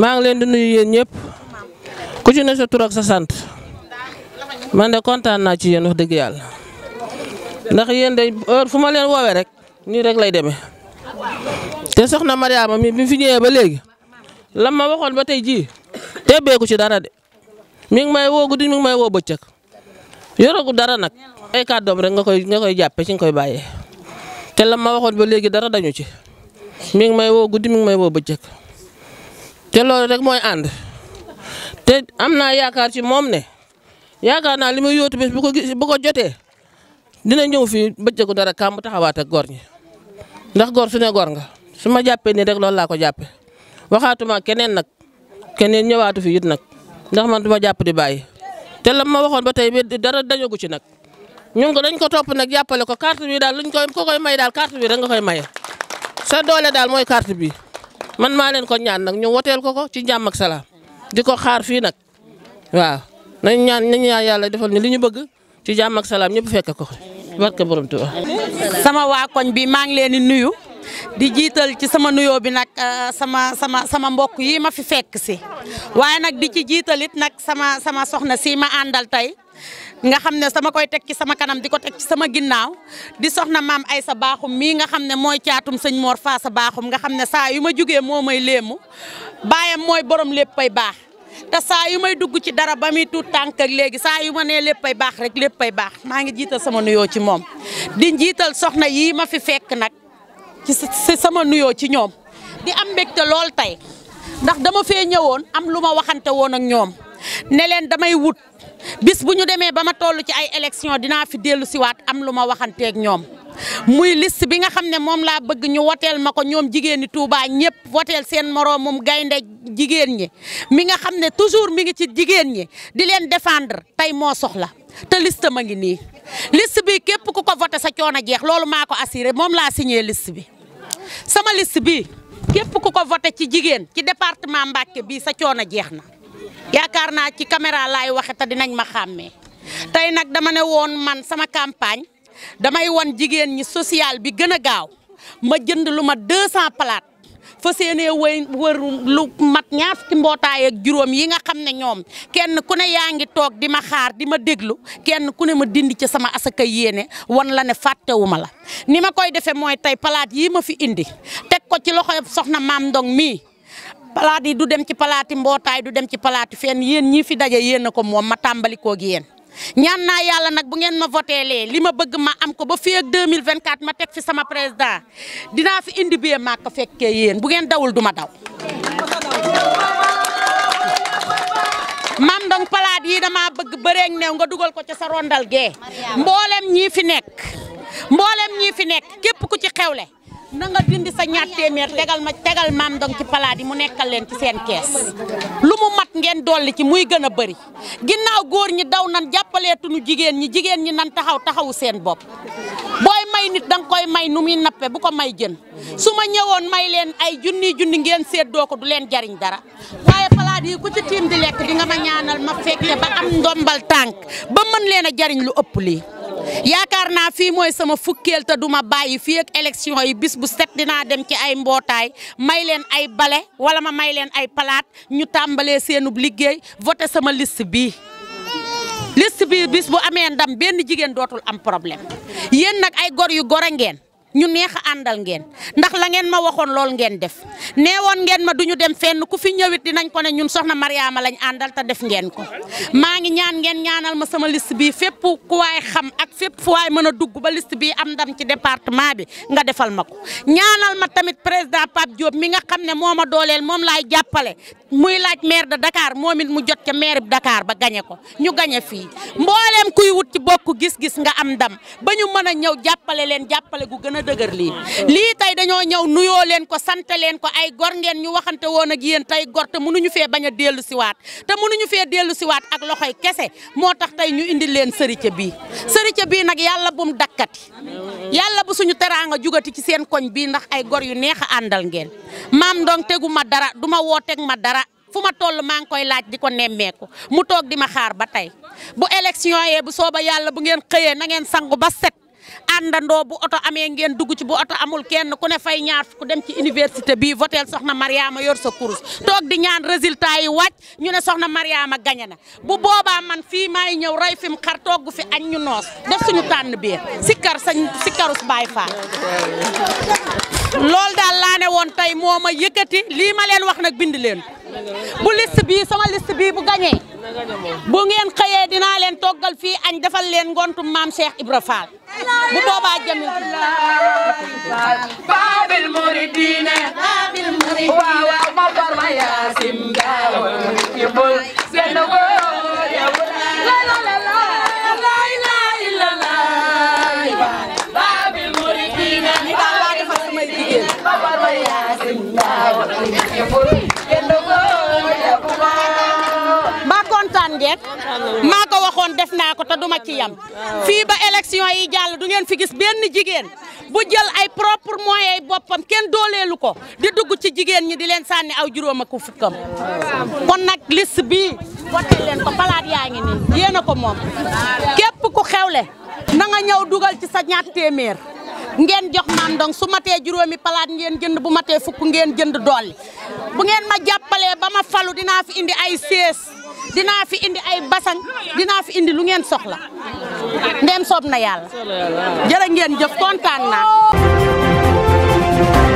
maa ngi leen di nuyu yéen ñëpp ku ci ne sa tur sa sant man de kontaan naa ci yéen wax dëgg yàlla ndax yéen de fu ma leen woowee rek nii rek lay demee te soxna Mariama mi bi fi ñëwee ba léegi lam ma waxoon ba tey jii tebbeeku ci dara de mi may woo guddi mi may woo bëccëg yoragu dara nag ay doom rek nga koy nga koy jàppee ci nga koy bàyyee te lam ma waxoon ba léegi dara dañu ci mi may woo guddi mi ngi may woo bëccëg. te loolu rek mooy ànd te am naa yaakaar ci moom ne yaakaar naa li muy yóotu bés bu ko gis bu ko jotee dina ñëw fii bëccëgu dara kàmm taxawaat ak góor ñi ndax góor su ne góor nga su ma jàppee nii rek loolu laa ko jàppee waxaatuma keneen nag keneen ñëwaatu fi it nag ndax man du ma jàpp di bàyyi te la ma waxoon ba tey bi dara dañagu ci nag ñun ko dañ ko topp nag jàppale ko carte bi daal luñ koy ko koy may daal carte bi rek nga koy maye sa doole daal mooy carte bii man maa leen ko ñaan nag ñu woteel ko ko ci jàmm ak salaam di ko xaar fii nag waaw nañ ñaan nañ ñaan yàlla defal ni li ñu bëgg ci jàmm ak salaam ñëpp fekk ko barke borom Tuuba sama waa koñ bi maa ngi leen di nuyu di jiital ci sama nuyoo bi nag euh, sama sama sama mbokk yi ma fi fekk si waaye nag di ci jiitalit nag sama sama soxna si ma àndal tey nga xam ne sama koy teg ci sama kanam di ko teg ci sama ginnaaw di soxna maam ay sa baaxum mii nga xam ne mooy caatum sëñ Mor faa sa baaxum nga xam ne saa yu ma jugee moo may léemu baayam mooy borom léppay baax te saa yu may dugg ci dara ba muy tuut tànk ak léegi saa yu ma nee léppay baax rek léppay baax maa ngi jiital sama nuyoo ci moom di jiital soxna yii ma fi fekk nag ci sama nuyoo ci ñoom di am mbégte lool tey ndax dama fee ñëwoon am lu ma waxante woon ak ñoom ne leen damay wut bis bu ñu demee ba ma toll ci ay élection dinaa fi dellu siwaat am lu ma waxanteeg ñoom muy list bi nga xam ne moom laa bëgg ñu woteel ma ko ñoom jigéen ñi Touba ñëpp woteel seen moroomum gaynde jigéen ñi mi nga xam ne toujours mi ngi ci jigéen ñi di leen défendre tey moo soxla te list ma ngi nii list bi képp ku ko voté sa coono jeex loolu maa ko assuré moom laa signé liste bi sama list bi képp ku ko vote ci jigéen ci département Mbacké bii sa coono jeex na yaakaar naa ci caméra laay waxe te dinañ ma xàmmee tey nag dama ne woon man sama campagne damay won jigéen ñi social bi gën a gaaw ma jënd lu ma 200 palaat fa seenee wëy wër lu mat ñaar ci mbootaay ak juróom yi nga xam ne ñoom kenn ku ne yaa ngi toog di ma xaar di ma déglu kenn ku ne ma dindi ci sama asaka yéene wan la ne fàttewu ma la ni ma koy defee mooy tey palaat yii ma fi indi teg ko ci loxo soxna maam Ndong mii palaat yi du dem ci palaati mbootaay du dem ci palaati fenn yéen ñii fi daje yéen a ko moom ma tàmbali koog yéen. ñaan naa yàlla nag bu ngeen ma voteelee li ma bëgg ma am ko ba fii ak 2024 ma teg fi sama président dinaa fi indi bee maa ko fekkee yéen bu ngeen dawul du ma daw. maam dong palaat yi damaa bëgg bëreeg neew nga dugal ko ca sa rondal gee mboolem ñii fi nekk mboolem ñii fi nekk képp ku ci xew le nanga nga dindi sa ñaar téeméer tegal ma tegal maam dong ci yi mu nekkal leen ci seen kees lu mu mat ngeen dolli ci muy gën a bari ginnaaw góor ñi daw nan jàppaleetuñu jigéen ñi jigéen ñi nan taxaw taxaw seen bopp booy may nit dang koy may nu muy nappe bu ko may jën su ma ñëwoon may leen ay junni junni ngeen séddoo ko du leen jariñ dara waaye palaat yi ku ci tiim di lekk di nga ma ñaanal ma fekke ba am ndombal tànk ba mën leen a jariñ lu ëpp lii yaakaar naa fii mooy sama fukkeel te duma bàyyi fii ak élection yi bis bu set dinaa dem ci ay mbootaay may leen ay bale wala ma may leen ay palaat ñu tàmbalee seenub liggéey voté sama list bii list bii bis bu amee ndam benn jigéen dootul am problème yéen nag ay gor yu gore ngeen ñu neex a àndal ngeen ndax la ngeen ma waxoon lool ngeen def neewoon ngeen ma ñu dem fenn ku fi ñëwit dinañ ko ne ñun soxna Mariama lañ àndal te def ngeen ko maa ngi ñaan ngeen ñaanal ma sama list bi fépp ku waay xam ak fépp fu waay mën a dugg ba list bi am ndam ci département bi nga defal ma ko ñaanal ma tamit président Pape Diop mi nga xam ne moo ma dooleel moom laay jàppale muy laaj maire de Dakar moom it mu jot ca maire bi Dakar ba gañe ko ñu gañe fii mbooleem kuy wut ci bokk gis-gis nga am ndam ba ñu mën a ñëw jàppale leen dëgër lii lii tey dañoo ñëw nuyoo leen ko sant leen ko ay gor ngeen ñu waxante woon ak yéen tey gor te mënuñu fee bañ a dellu siwaat te mënuñu fee dellu siwaat ak loxoy kese moo tax tey ñu indi leen sërice bii sërice bii nag yàlla bum dakkati yàlla bu suñu teraanga jugati ci seen koñ bii ndax ay gor yu neex a àndal ngeen maam ndong teguma dara du ma woo teg ma dara fu ma toll maa ngi koy laaj di ko nemmeeku mu toog di ma xaar ba tey bu élection yee ngeen xëyee na ngeen àndandoo bu oto amee ngeen dugg ci bu oto amul kenn ku ne fay ñaar ku dem ci université bii voteel soxna Mariama yor sa kurus toog di ñaan résultat yi wàcc ñu ne soxna Mariama gañe na bu boobaa man fii maay ñëw rey fi mu xar togg fi añ ñu noos def suñu tànn biir sikkar sañ Baay Faal loolu daal laa woon tey moo ma yëkkati lii ma leen wax nag bindi leen bu liste bii sama liste bii bu gañee bu ngeen xëyee dinaa leen toggal fii añ defal leen ngontum maam Cheikh Ibra Fall bu boobaa jëmin babil muridine babil muridine waaw waaw ma barma yaasim gaaw yibul seen góor ya la la la Babil muridine rek maa ko waxoon def naa ko te duma ci yam fii ba élection yi jàll du ngeen fi gis benn jigéen bu jël ay propre moyens boppam kenn dooleelu ko di dugg ci jigéen ñi di leen sànni aw juróom ak fukkam kon nag liste bii voté leen ko palaat yaa ngi nii yéen ko moom képp ku xewle na nga ñëw dugal ci sa ñaat téeméer ngeen jox maam dong su matee juróomi palaat ngeen jënd bu matee fukk ngeen jënd dool bu ngeen ma jàppalee ba ma falu dinaa fi indi ay sées dinaa fi indi ay basang dinaa fi indi lu ngeen soxla ndeem soob na yàlla jërë ngeen jëf kontaan naa